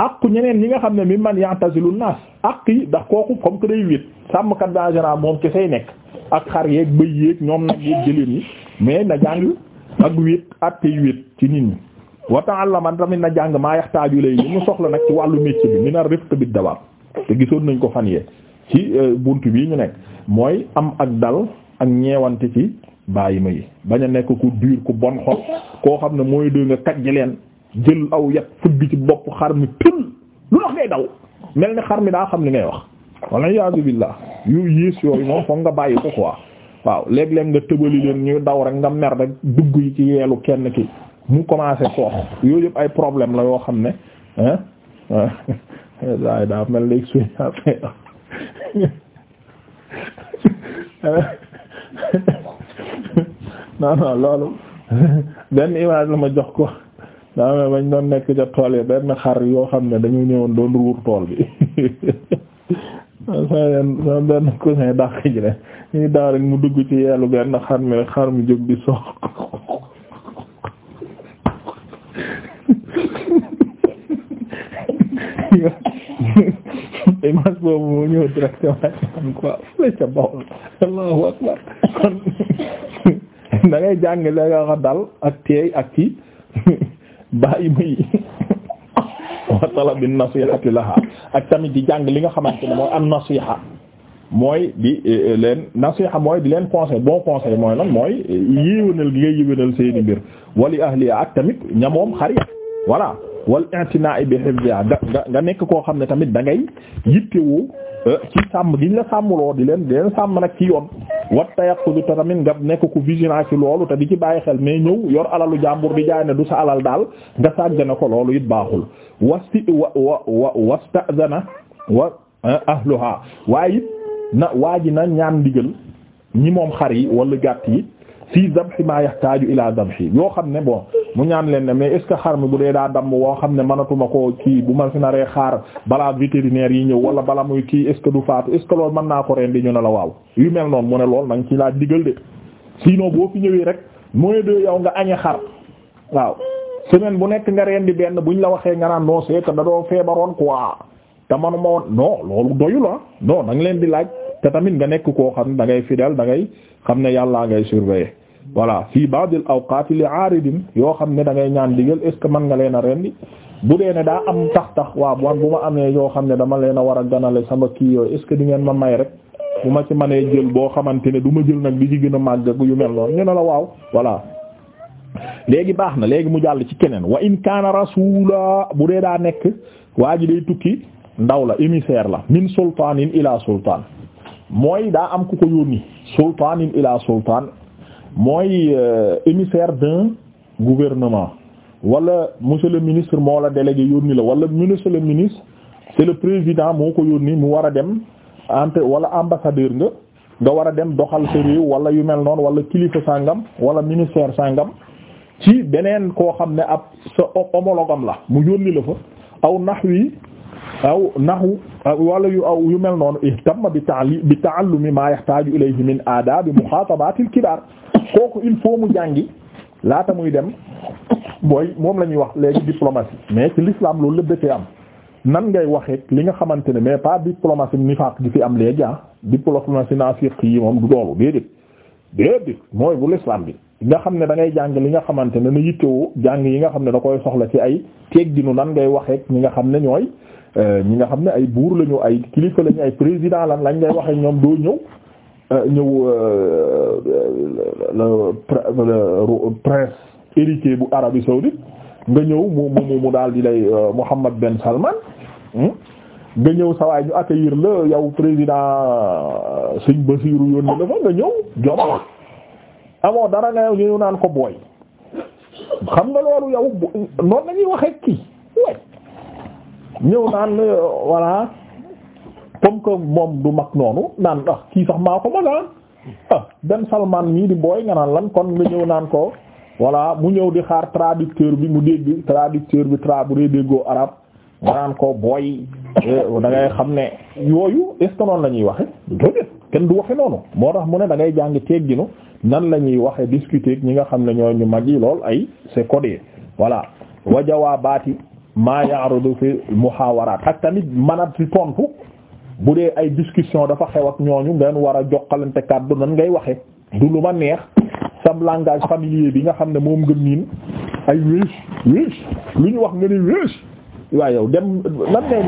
S1: àqu ñeneen ñi nga xam ne mi man ya'tazilu naas àq yi ndax kooku comme que day wéet sàmmkat bi en général moom kesey nekk ak xar yeeg bëy yeeg ñoom nag yeeg jëleen yi mais na jàng ak wéet attey wéet ci nit ñi la ta'allama tamit na jàng maa yaxtaaju lay li mu soxla nag ci wàllu métier bi mina nañ ko fan yee ci euh, bunt bii ñu nekk mooy am ak dal ak ñeewante ci bàyyi ma yi bañ a nekk ku dur ku bon xol koo xam ne mooy dégg nga kàjj leen jël aw yat fëgg ci bopp xar mi tël lu tax ngay daw mel ni xar mi daa xam li ngay wax walla yaazu billah yu yées yooyu moom foog nga bàyyi ko quoi waaw léeg-léeg nga tëbali leen ñuy daw rek nga mer rek dugg yi ci yeelu kenn ki mu commencé soox yooyu yëpp ay problème la yoo xam ne hein waaye daa mel ni loolu benn image la ma jox ko daa bañ doon nekk ca tool yi benn xar yoo xam ne dañu ñëwoon doon ruur tool bi sama benn cousin dàq ji ne ñuy daa mu dugg ci yeelu benn xar mi xar mi jóg di sox image boobu moo ñëw directement ci kon da jàng la nga dal ak teey ak kii bàyyi muy wa talabi nasihati laha ak tamit di jàng li nga xamante ne mooy am nasiha mooy di e, e, leen nasiha mooy di leen conseil boo conseil mooy lan mooy e, yéwénal gi ngay yéwénal seeni mbir wali ahliya ak tamit ñamoom moom xarit voilà wal i'tina'i bi hifdha nga nga nekk koo xam ne tamit da ngay ci sàmm giñ la sàmmloo di leen di leen sàmm nag ci yoon wat tayaqudu te tamit nga nekk ku vigilance ci loolu te di ci bàyyi xel mais ñëw yor alalu jàmbur di jaay ne du sa alal daal nga sàggane ko loolu it baaxul wasti wa wa wa wastazana wa eh, ahluha waaye it na waa ji na ñaan ndigal ñi moom xar yi wala gàtt yi fii dabhi ma yahtaju ila dabhi yoo xam ne bon mu ñaan leen ne mais est ce que xar mi bu dee daa damm woo xam ne manatuma koo kii bu ma fi naree xaar balaa vétérinaire yi ñëw wala bala muy kii est que du faatu est ce que loolu mën naa ko rendi ñu ne la waaw yu mel noonu mu ne lool nanga ci laaj digal de sinon boo fi ñëwee rek mooy de yow nga añe xar waaw semaine bu nekk nga rendi benn buñ la waxee nga naan non c'est que da doo feebaroon quoi te manuma woon non loolu doyul ah non leen di laaj te tamit nga nekk koo xam ne da ngay fidèle da xam ne yàllaa ngay surveiller voilà fii ba'dil awqaati li aaridin yoo xam ne da ngay ñaan digal est ce mën nga leen a rendi bu dee ne daa am tax tax waa man bu ma amee yoo xam ne dama leen a war a ganale sama kii yooyu est ce que di ngeen ma may rek bu ma ci mënee jël boo xamante ne du ma jël nag di ci gën a màgg yu mel noonu ñu ne la waaw voilà. léegi baax na léegi mu jàll ci keneen wa in kaana rasula bu dee daa nekk waa ji day tukki ndaw la émissaire la min sultaanin ila sultaan mooy daa am ku ko yónni sultanin ila sultan mooy euh, émissaire d'un gouvernement wala monsieur le ministre moo la délégué yónni la wala monsieur le ministre c'est le président moo ko yónni mu war a dem ante wala ambassadeur nga nga war a dem doxal sa réew wala yu mel noon wala kilifa sàngam wala ministère sàngam ci beneen koo xam ne ab sa homologue am la mu yónni la fa aw nax wi aw nahu walla yu aw yu mel noonu ihtamma bi ta'lim bi ta'allumi ma yahtaju ilayhi min adabi mukhatabat al kibar kooku il faut mu jàngi laata muy dem mooy moom la ñuy wax léegi diplomatie mais ci l'islam loolu lépp dafay am nan ngay waxee li xamante ne mais pas diplomatie nifaaq di fi am léegi ah diplomatie naafiq yi moom du doolu déedéet déedéet mooy bu l'islam bi nga xam ne da ngay jàng li nga xamante ne na yittewoo jàng yi nga xam ne da koy soxla ci ay tegginu nan ngay waxeek ñi nga xam ne ñooy Euh, ñi nga xam ne ay buur lañu ay kilifa lañu ay président lan lañ ngay waxee ñoom doo ñëw euh, ñëw euh, prince héritier bu Arabie saoudite nga ñëw mu mu mu daal di lay Mohammed Ben Salman hmm? nga ñëw sawaay ñu accueillir la yow président sëñ Basiiru yoon ni dafa nga ñëw jom amoo dara nga yow ñu naan ko booy xam nga loolu yow noonu lañuy waxee kii ñëw naan voilà comme que moom du mag noonu naan ah kii sax maa ko mag ah, ah Ben Salman mii di booy nga naan lan kon nga ñëw naan ko voilà mu ñëw di xaar traducteur bi mu dégg traducteur bi tra bu dee déggoo arab nga naan ko booy eh, da xam ne yooyu est ce que noonu la ñuy waxe kenn du waxe noonu moo tax mu ne da ngay jàng tegginu nan la ñuy waxe discuter ak ñi nga xam ne ñoo ñu mag yi lool ay c'est codé voilà wajawaabaati maa ya'rudu fi muhaawaraat ak tamit mën a ci tontu bu dee ay discussion dafa xew ak ñooñu ngeen war a jokkalante kàddu nan ngay waxe du lu ma neex sam langage familier bi nga xam ne moom nga miin ay wees wees lu ñu wax nga ne wees waaye yow dem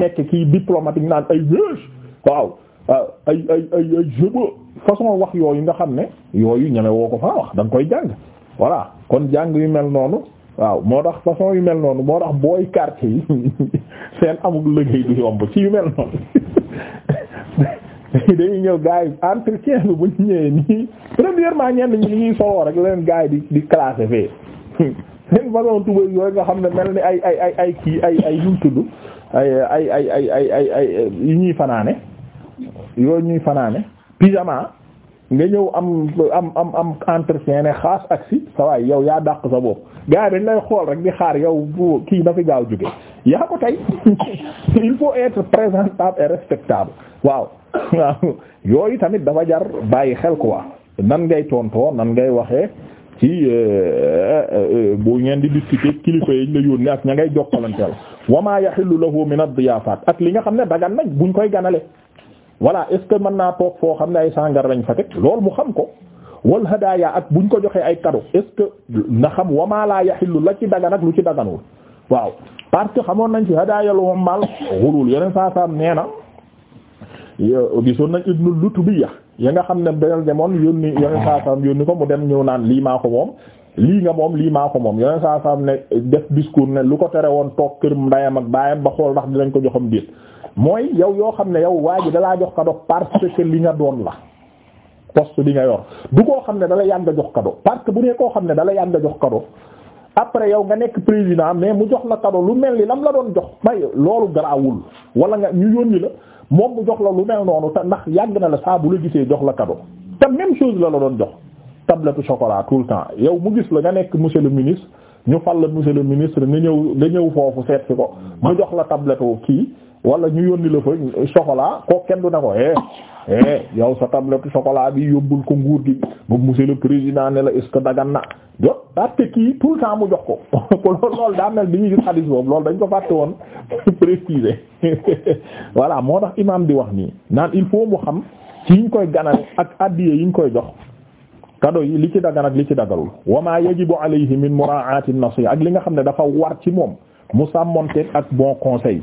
S1: nekk kii diplomatique naan ay wees waaw ah, ay ay ay ay façon wax yooyu nga xam ne yooyu ñeme woo ko faa wax da koy jàng voilà kon jàng yu mel noonu waaw moo tax façon yu mel noonu moo tax booy quartier yi seen amul liggéey du yomb ci yu mel noonu dañuy ñëw gars yi entretien bi bu ñu ñëwee nii premièrement ñenn ñi ñuy soloo rek leen gars yi di di classé fee seen façon tubéy yooyu nga xam ne mel ni ay ay ay ay kii ay ay yuñ ay yu ñuy fanaane yooyu ñuy fanaane pyjama nga ñëw am am am am entretien ne xaas ak si sa waay yow yaa dàq sa bopp gaa yi dañ lay xool rek di xaar yow kii na fi gaaw jóge yaa ko tey il faut être présentable et respectable waaw yooyu tamit dafa jar bàyyi xel ko quoi nan ngay tontoo nan ngay waxee ci euh, euh, euh, bu ngeen di discuter kilifa yi la yónnee ak ña ngay jokkalanteel wa maa yaxillu lahu min a diyaafat ak li nga xam ne dagan nañ buñ koy ganale voilà est mën naa toog foo xam ne ay sàngar lañ fa teg loolu mu xam ko wal hadaaya ak buñ ko joxee ay cadeau est na xam wamaa laa yaxillu la ci dagan ak lu ci daganul waaw parce que xamoon nañ ci hadaaya lu mal xulul yeneen saa saam nee na gisoon nañ ibnu lutbiya ya nga xam ne beneen demoon yónni yeneen saa saam ko mu dem ñëw naan lii maa ko moom lii nga moom lii maa ko moom yeneen saa saam ne def discours ne lu ko tere woon toog kër ndayam ak baayam ba xool ndax dinañ ko joxam déet mooy yow yoo xam ne yow waa ji dalaa jox kado parce que li nga doon la poste bi nga yor du koo xam ne dala yàgg jox kado parce que bu dee koo xam ne dala yàgg a jox kado après yow nga nekk président mais mu jox la kado lu mel ni lam la doon jox may loolu garaawul wala nga ñu yónni la moom mu jox la lu mel noonu te ndax yàgg na la saa la gisee jox la kado te même chose la la doon jox tablette chocolat tout le temps yow mu gis la nga nekk monsieur le ministre ñu fal la monsieur le ministre nga ñëw nga ñëw foofu seet si ko mu jox la tablette kii wala ñu yónni la ko chocolat kooku kenn du ne ko eh eh yow sa tablette chocolat bi yóbbul ko nguur gi ba monsieur le président ne la est-ce que dagan na jot parce que kii tout le temps mu jox ko loolu daa mel bi ñu gis hadith boobu loolu dañ ko fàtte woon préciser voilà moo tax imam di wax nii naan il faut mu xam ci yiñ koy ganal ak yi ñu koy jox kado yi li ci dagan ak li ci dagalul wa ma yajibu alayhi min mura'ati an-nasiha ak li nga xam ne dafa war ci moom mu sàmmonteeg ak bon conseil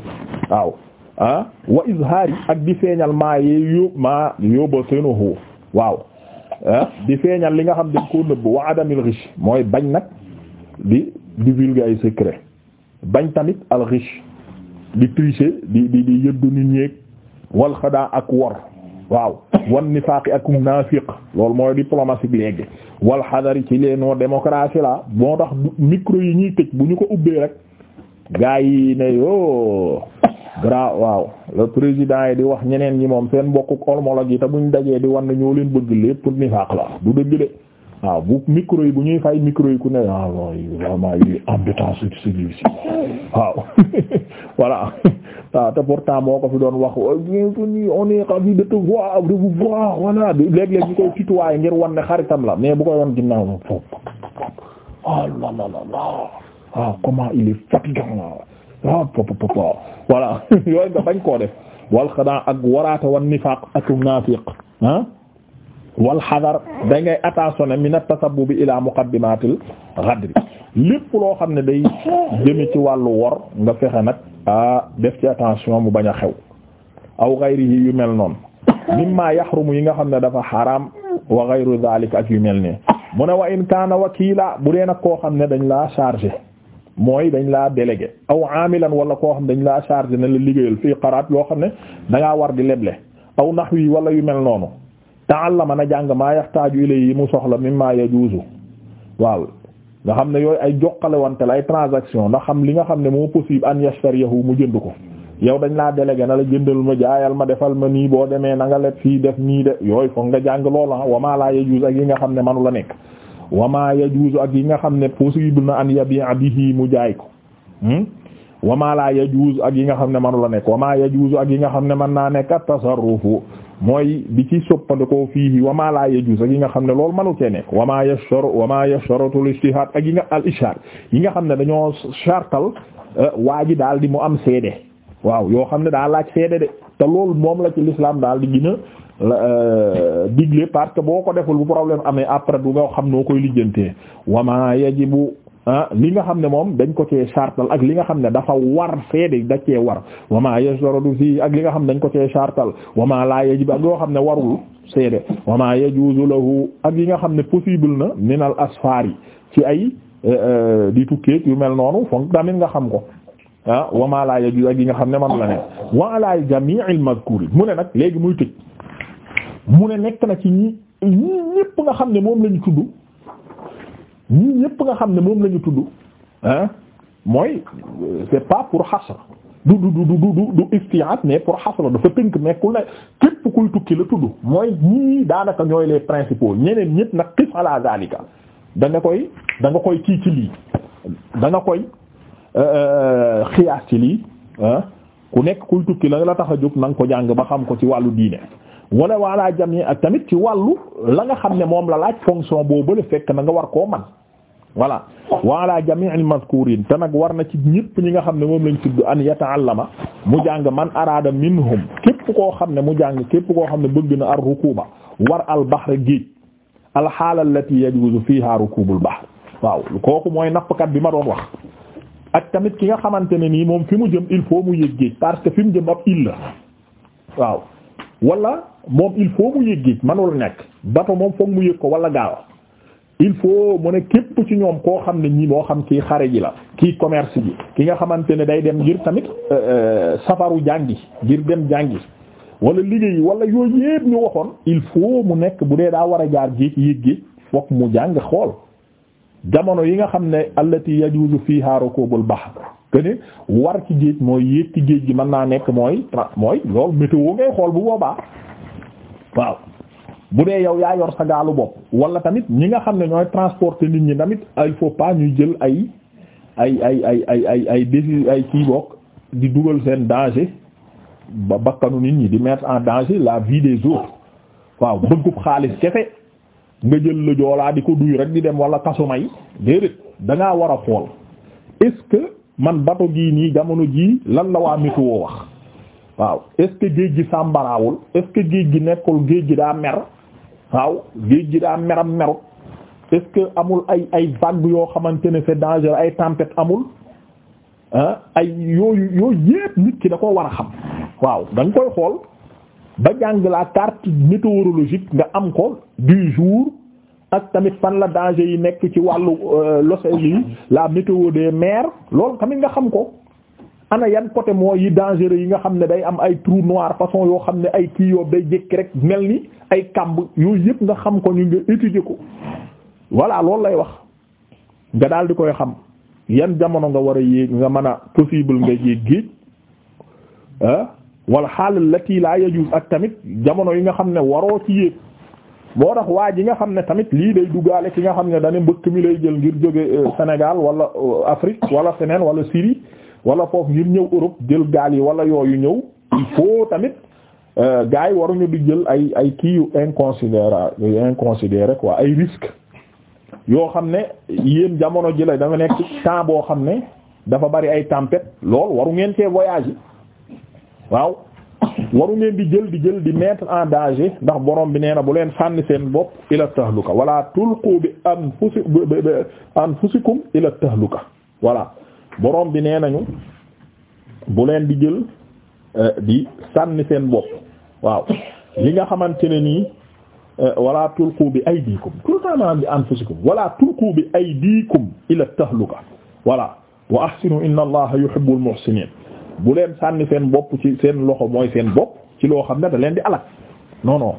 S1: waaw ah wa izhaari ak di feeñal maa yee yób maa yóbba seenoho waaw ah. di feeñal li nga xam dañ koo nëbb wa adamil mooy bañ nag di divulguer ay secret bañ tamit al di tricher di di di yëddu nit ñeeg wal ak wor waaw wan nifaaqi ak naafiq loolu mooy diplomatie bi wal xadari ci leenoo démocratie la boo tax micro yi ñuy tëj bu ñu ko ubbee rek gaa yi ne yoo gra waaw le président yi di wax ñeneen ñi moom seen mbokku homologue yi te muñ dajee di wan ne ñoo leen bëgg lépp pour nifaaq la du dëgg de waaw bu micro yi bu ñuy fay micro yi ku ne waaw voilà waaw te pourtant moo ko fi doon wax on est ravi ñu koy tutoyer ngir wan ne xaritam la mais bu koy wan ginnaaw moom ah comment il est ah, nga bañ koo def wal xadaa ak waraata wan nifaaq a naafiq ah wal xadar da ngay min at-tasabbubi ila muqaddimatil ghadri lépp loo xam ne day jëme ci wàllu wor nga fexe nag ah def ci attention mu baña xew aw ghayrihi yu mel noonu mimma yahrumu yi nga xam ne dafa xaraam wa ghayru dhalik ak yu mel nii mu ne wa in kaana wakiila bu dee nag koo xam ne dañ la chargé mooy dañ laa délégué aw amilan wala koo xam dañ laa chargé na la liggéeyal fii xaraat loo xam ne dangaa war di leble aw nax wi wala yu mel noonu ta'allama na jàng maa yaxtaaju ilay yi mu soxla mimma yajuzu waaw nga xam ne yooyu ay jokkale wante la ay transaction na xam li nga xam ne moo possible an yashtariyahu mu jënd ko yow dañ laa délégué na la jëndal ma jaayal ma defal ma nii boo demee na nga leb fii def nii de yooyu foog nga jàng loola ah, wa maa laa ak yi nga xam ne manu la nekk wa ma yajuuzu ak yi nga xam ne possible na an bi bihi mu jaay ko hmm? wa laa la yajuuzu ak yi nga xam ne manu la nekk wa ma yajuuzu ak yi nga xam ne mën naa nekk at-tasarrufu mooy bi ci soppandikoo fii wa ma la yajuuzu ak yi nga xam ne loolu manu cee nekk wa ma yashru wa ma yashrutu al-ijtihaad ak yi nga al yi nga xam ne dañoo sartal euh, waa ji daal di mu am seede waaw yoo xam ne daal laaj seede de te loolu moom la ci l'islam daal di gën Euh, digle parce que boo ko deful bu problème amee après du nga xam noo koy lijjantee wama yajibu ah li nga xam ne moom dañ ko cee sartal ak li nga xam ne dafa war feede da cee war wama yasradu fii ak li nga xam ne dañ ko cee sartal wama la yajib ak yoo xam ne warul seede wama yajuzu lahu ak yi nga xam ne possible na minal asfar yi ci ay euh, euh, di tukkee yu mel noonu foog tamit nga xam ko ah wama la yajuz ak yi nga xam ne man la ne wa ala jami'il mazkur mu ne nag léegi muy tëj mu ne nekk na ci ñi ñii ñépp nga xam ne moom lañu ñu tudd ñii ñépp nga xam ne moom la ñu tudd ah mooy c'est pas pour xasra du du du du du du istiaat mais pour xasra dafa tënk nekkul ne képp kuy tukki la tudd mooy ñii daanaka ñooy les principaux ñeneen ñépp nag xis ala zalika da nga koy danga koy kii ci lii da koy euh, euh, xiyaas ci lii ah ku nekk kuy tukki la la tax a jóg na ko jàng ba xam ko ci wàllu diine. wala wala jamii ak tamit ci wàllu la nga xam ne moom la laaj fonction boobu la fekk na nga war koo man voilà wala jamii al mazkurin te nag war na ci ñëpp ñi nga xam ne moom lañ ci tudd an yataallama mu jàng man araada minhum képp koo xam ne mu jàng képp koo xam ne bëgg na ar rukuba war al bahr géej al xaala allati yajuzu fiha rukubul bahr waaw kooku mooy nappkat bi ma doon wax ak tamit ki nga xamante ne nii moom fi mu jëm il faut mu yëg géej parce que fi mu jëm ab île la waaw wala moom il faut mu yëg géej manul nekk bato moom foog mu yëg ko wala gaaw il faut mu ne képp ci ñoom koo xam ne nii moo xam kii xare ji la kii commerce ji ki nga xamante ne day dem ngir tamit euh, euh, safaru jàngi ngir dem jàngi wala liggéey wala yooy yépp ñu waxoon il faut mu nekk bu dee daa war a jaar géej yëg géej foog mu jàng xool jamono yi nga xam ne allati yajuzu fiha rukubul bahr kene war ci géej mooy yéeg ci géej gi mën naa nekk mooy mooy loolu météo ngay xool bu boobaa waaw bu dee yow yaa yor sa gaalu bopp wala tamit ñi nga xam ne ñooy transporter nit ñi tamit il faut pas ñuy jël ay ay ay ay ay ay ay décis ay kii di dugal seen danger ba bakkanu nit ñi di mettre en danger la vie des autres waaw bëggub xaalis kese nga jël la joolaa di ko duy rek di dem wala kasuma yi déedéet da ngaa war a xool est-ce que man bato gii nii jamono jii lan la waa météo wax. waaw est-ce que géej gi sàmbaraawul est-ce que géej gi nekkul géej gi daa mer waaw géej gi daa meram merut est-ce que amul ay ay vagues yoo xamante ne c'est dangereux ay tempêtes amul ay yooyu yooyu yépp nit ki da ko war a xam waaw da nga koy xool ba jàng la carte météorologique nga am ko du jour ak tamit fan la danger yi nekk ci wàllu euh, l'océan yi la météo des mers loolu tamit nga xam ko ana yan côté moo yi dangereux yi nga xam ne day am ay trou noir façon yoo xam ne ay kii day jékki rek mel ni ay kàmb yooyu yëpp nga xam ko ñu nga étudier ko voilà loolu lay wax nga daal di koy xam yan jamono nga war a yéeg nga mën a possible nga yéeg géej ah wala xaalal lati laa yajuz ak tamit jamono yi nga xam ne waroo ci yéeg moo tax waa ji nga xam ne tamit lii day duggaale ki nga xam ne dane mbëkk mi lay jël ngir jóge euh, Sénégal wala euh, Afrique wala feneen wala Syrie wala foofu ngir ñëw Europe jël gaal yi wala yooyu ñëw il faut tamit euh, gars yi waruñu di jël ay ay kii yu inconsidéré rek waa ay risques yoo xam ne yéen jamono ji la dafa nekk temps boo xam ne dafa bari ay tempêtes lool waru ngeen cee voyage waaw waru ngeen di jël di jël di mettre en danger ndax borom bi nee na bu leen sànni seen bopp ila tahluka wala tulqu bi anfusikum ila tahluka voilà boroom bi nee nañu bu leen di jël euh, di sànni seen bopp waaw li nga xamante ne nii euh, wala tulqu bi aydikum tout le temps maanaam bi anfusikum wala tulqu bi aydikum ila tahluka wala wa ahsinu inna allaha yuhibbul muhsinin bu leen sànni seen bopp ci seen loxo mooy seen bopp ci loo xam ne da leen di alak non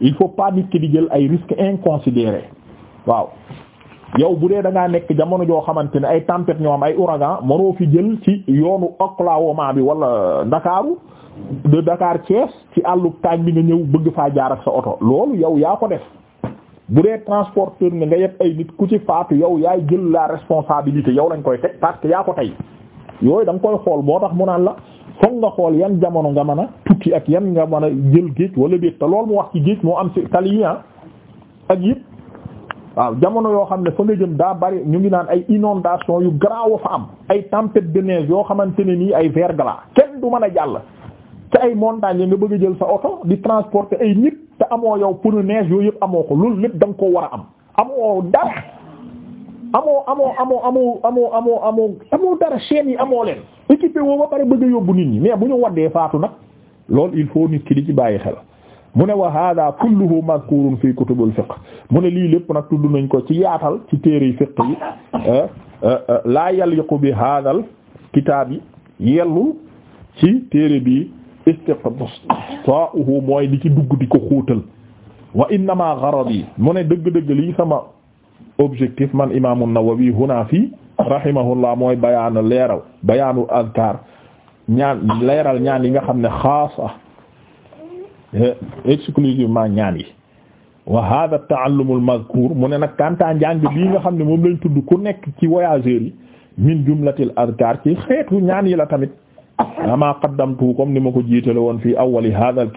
S1: il faut pas nit ki di jël ay risques inconsidérés waaw yow bu dee da nekk jamono joo xamante ne ay tempête ñoo am ay ouragan mënoo fi jël ci yoonu Oklahoma bi wala Ndakaaru de Dakar Thiès ci àllu taaj bi nga ñëw bëgg faa jaar ak sa oto loolu yow yaa ko def bu dee transporteur nga nga yeb ay nit ku ci faatu yow yaay jël la responsabilité yow lañ koy teg parce que yaa ko tey yooyu da koy xool boo tax mu naan la foog nga xool yan jamono nga mën a tukki ak yan nga mën a jël géej wala déet te loolu mu wax ci moo am ci tali ah, ak yëpp. waaw jamono yoo xam ne fa nga jëm daa bari ñu ngi naan ay inondation yu garaaw fa am ay tempête de neige yoo xamante ne nii ay verglas kenn du mën a jàll ci ay montagnes yi nga bëgg a jël sa oto di transporter ay nit te amoo yow pour neige yooyu yëpp amoo ko loolu lépp danga ko koo war a am amoo dara amoo amoo amoo amoo amoo amoo amoo amoo dara chaînes yi amoo leen équipé woo ba pare bëgg yóbbu nit ñi mais bu ñu waddee faatu nag loolu il faut nit ki ci bàyyi xel mu ne wa hada kulluhu mazkurun fi kutubul fiqh mu ne lii lépp nag tudd nañ ko ci yaatal ci téere fiqh yi eh, eh, eh, laa yaliqu bi hadal kitaab yellu ci téere bi istiqsaa'uhu mooy di ci dugg di ko xóotal wa innama gharadi mu ne dëgg sama objectif man imaamu Nawawi huna fii rahimahullah mooy bayaanu leeral bayaanu azkaar ñaan ñaan yi nga xam ne xaasa exclusivement ñaan yi wa hada ta'allum al mu ne nag kanta njàng bii nga xam ne moom lañ tudd ku nekk ci voyageurs yi min jumlatil adkar ci xeetu ñaan yi la tamit ama qaddamtu comme ni ma ko jiitale woon fii awali hada al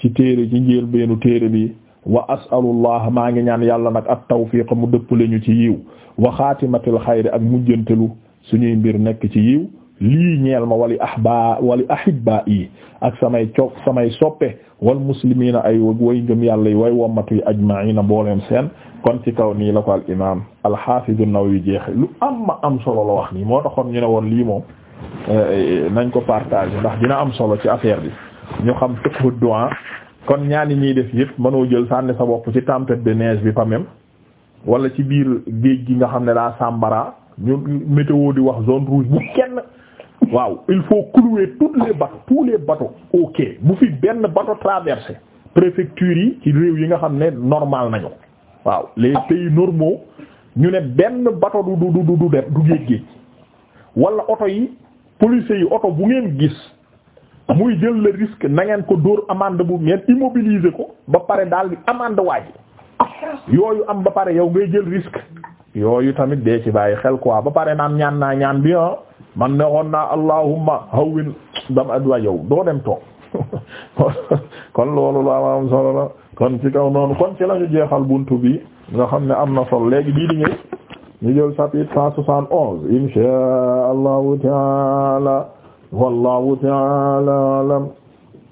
S1: ci téere ci njël beenu téere bi wa asalullah maa ngi ñaan yàlla nag at tawfiq mu dëppale ñu ci yiw wa xaatimatil xayri ak mujjantelu suñuy mbir nekk ci yiw lii ñeel ma wali ahba wali ahibba yi ak samay coog samay soppe wal muslimiina ay way ngëm yàlla yi way wommatu yi ajmaina booleen seen kon ci kaw nii la ko al imam al-Hafiz an-Nawawi jeexe lu am ma am solo la wax nii moo taxoon ñu ne woon lii moom eh, nañ ko partager ndax dina am solo ci affaire bi ñu xam fiqhu du'a kon ñaani ñuy def yëpp mënoo jël sànni sa bopp ci tempête de neige bi fa même wala ci biir géej gi nga xam ne daa sàmbara ñu météo di wax zone waaw il faut clouer toutes les bateaux tous les bateaux au bu fi benn bateau traversé préfecture yi ci réew yi nga xam ne normal nañu waaw les pays normaux ñu ne benn bateau du du du du dem du géej géej wala oto yi policiers yi oto bu ngeen gis muy jël le risque na ngeen ko dóor amande bu ngeen immobiliser ko ba pare daal di amende waaj yooyu am ba pare yow ngay jël risque yooyu tamit dee ci bàyyi xel quoi ba pare naan ñaan naa ñaan bi a ah man ne woon naa allahumma hawwin dama adwa yow doo dem toog kon loolu la am solo la kon ci kaw noonu kon ci la ñu jeexal buntu bi nga xam ne am na solo léegi bii di ñëw ñu jël chapitre cent soixante onze insha allahu taala wallahu taala alam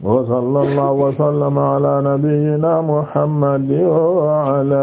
S1: wa sallallahu wa sallama ala nabiyyina muhammadin wa ala